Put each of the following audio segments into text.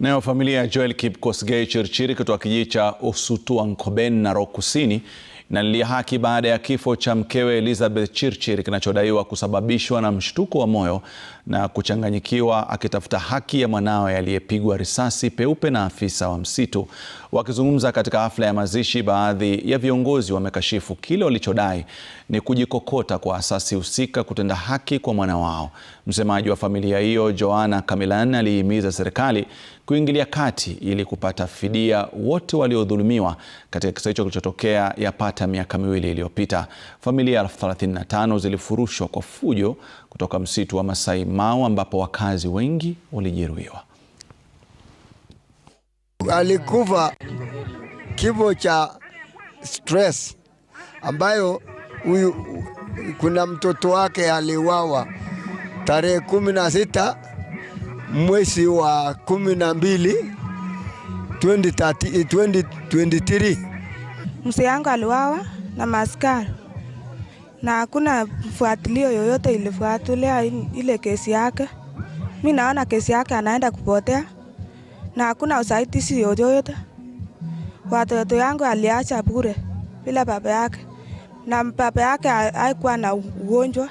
Nayo familia ya Joel Kipkosgei Chirchir kutoka kijiji cha Osutua Nkoben, Narok Kusini inalilia haki baada ya kifo cha mkewe Elizabeth Chirchir kinachodaiwa kusababishwa na mshtuko wa moyo na kuchanganyikiwa akitafuta haki ya mwanawe aliyepigwa risasi peupe na afisa wa msitu. Wakizungumza katika hafla ya mazishi, baadhi ya viongozi wamekashifu kile walichodai ni kujikokota kwa asasi husika kutenda haki kwa mwana wao. Msemaji wa familia hiyo Joanna Kamilan aliihimiza serikali kuingilia kati ili kupata fidia wote waliodhulumiwa katika kisa hicho kilichotokea yapata miaka miwili iliyopita. Familia 35 zilifurushwa kwa fujo kutoka msitu wa Masai Mara ambapo wakazi wengi walijeruhiwa. Alikufa kifo cha stress ambayo huyu kuna mtoto wake aliwawa tarehe kumi na sita mwezi wa kumi na mbili 2023, 2023. Eh, yangu aliwawa na maskari na hakuna fuatilio yoyote ilifuatilia ile kesi yake. Mi naona kesi yake anaenda kupotea na hakuna usaidizi yoyote. Watoto yangu aliacha bure bila baba yake, na baba yake haikuwa na ugonjwa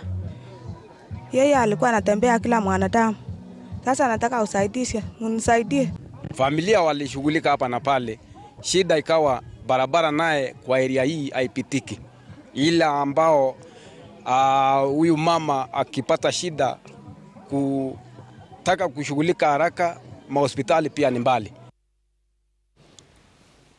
yeye alikuwa anatembea kila mwanadamu. Sasa nataka usaidishe, unisaidie. Familia walishughulika hapa na pale, shida ikawa barabara naye kwa eria hii haipitiki, ila ambao ah, huyu uh, mama akipata shida kutaka kushughulika haraka, mahospitali pia ni mbali.